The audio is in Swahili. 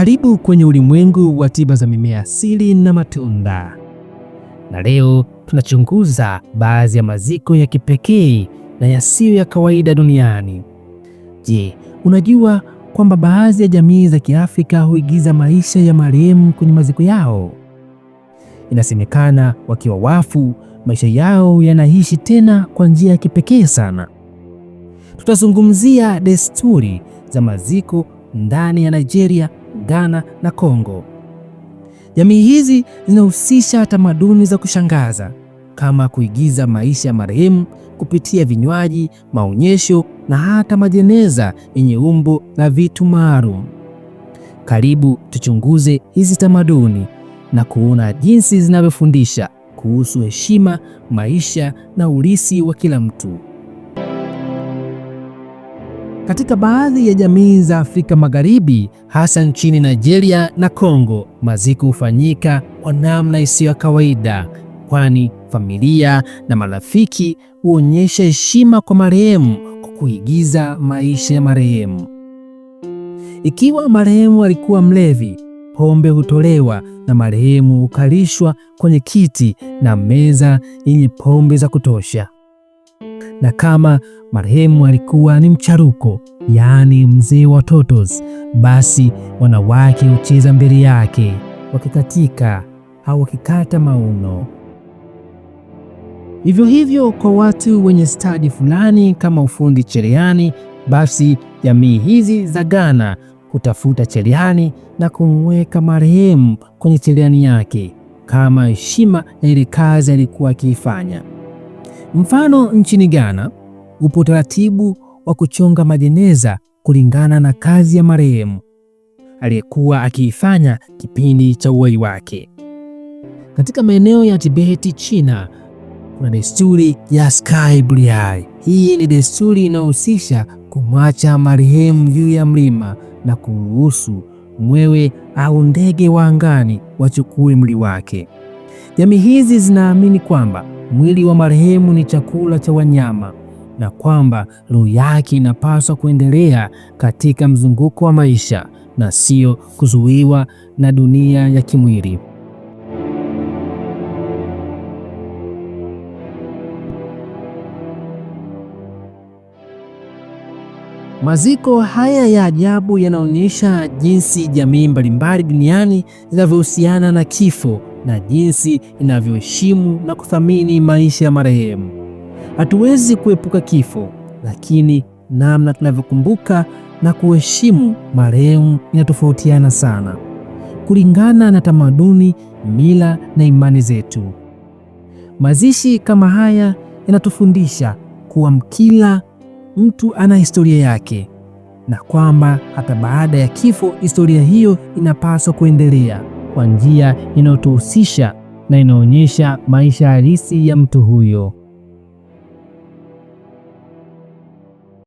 Karibu kwenye ulimwengu wa tiba za mimea asili na matunda, na leo tunachunguza baadhi ya maziko ya kipekee na yasiyo ya kawaida duniani. Je, unajua kwamba baadhi ya jamii za Kiafrika huigiza maisha ya marehemu kwenye maziko yao? Inasemekana wakiwa wafu, maisha yao yanaishi tena kwa njia ya kipekee sana. Tutazungumzia desturi za maziko ndani ya Nigeria Ghana na Kongo. Jamii hizi zinahusisha tamaduni za kushangaza kama kuigiza maisha ya marehemu kupitia vinywaji, maonyesho na hata majeneza yenye umbo na vitu maalum. Karibu tuchunguze hizi tamaduni na kuona jinsi zinavyofundisha kuhusu heshima, maisha na urithi wa kila mtu. Katika baadhi ya jamii za Afrika Magharibi, hasa nchini Nigeria na Kongo, maziko hufanyika kwa namna isiyo ya kawaida, kwani familia na marafiki huonyesha heshima kwa marehemu kwa kuigiza maisha ya marehemu. Ikiwa marehemu alikuwa mlevi, pombe hutolewa na marehemu hukalishwa kwenye kiti na meza yenye pombe za kutosha na kama marehemu alikuwa ni mcharuko, yaani mzee wa totos, basi wanawake hucheza mbele yake wakikatika au wakikata mauno. Hivyo hivyo kwa watu wenye stadi fulani kama ufundi cherehani, basi jamii hizi za Ghana hutafuta cherehani na kumweka marehemu kwenye cherehani yake kama heshima ya ile kazi alikuwa akiifanya. Mfano, nchini Ghana upo utaratibu wa kuchonga majeneza kulingana na kazi ya marehemu aliyekuwa akiifanya kipindi cha uhai wake. Katika maeneo ya Tibeti, China, kuna desturi ya sky burial. Hii ni desturi inayohusisha kumwacha marehemu juu ya mlima na kuruhusu mwewe au ndege wa angani wachukue mwili wake. Jamii hizi zinaamini kwamba mwili wa marehemu ni chakula cha wanyama na kwamba roho yake inapaswa kuendelea katika mzunguko wa maisha na sio kuzuiwa na dunia ya kimwili. Maziko haya ya ajabu yanaonyesha jinsi jamii mbalimbali duniani zinavyohusiana na kifo na jinsi inavyoheshimu na kuthamini maisha ya marehemu. Hatuwezi kuepuka kifo, lakini namna tunavyokumbuka na kuheshimu marehemu inatofautiana sana kulingana na tamaduni, mila na imani zetu. Mazishi kama haya yanatufundisha kuwa mkila mtu ana historia yake na kwamba hata baada ya kifo historia hiyo inapaswa kuendelea kwa njia inayotuhusisha na inaonyesha maisha halisi ya mtu huyo.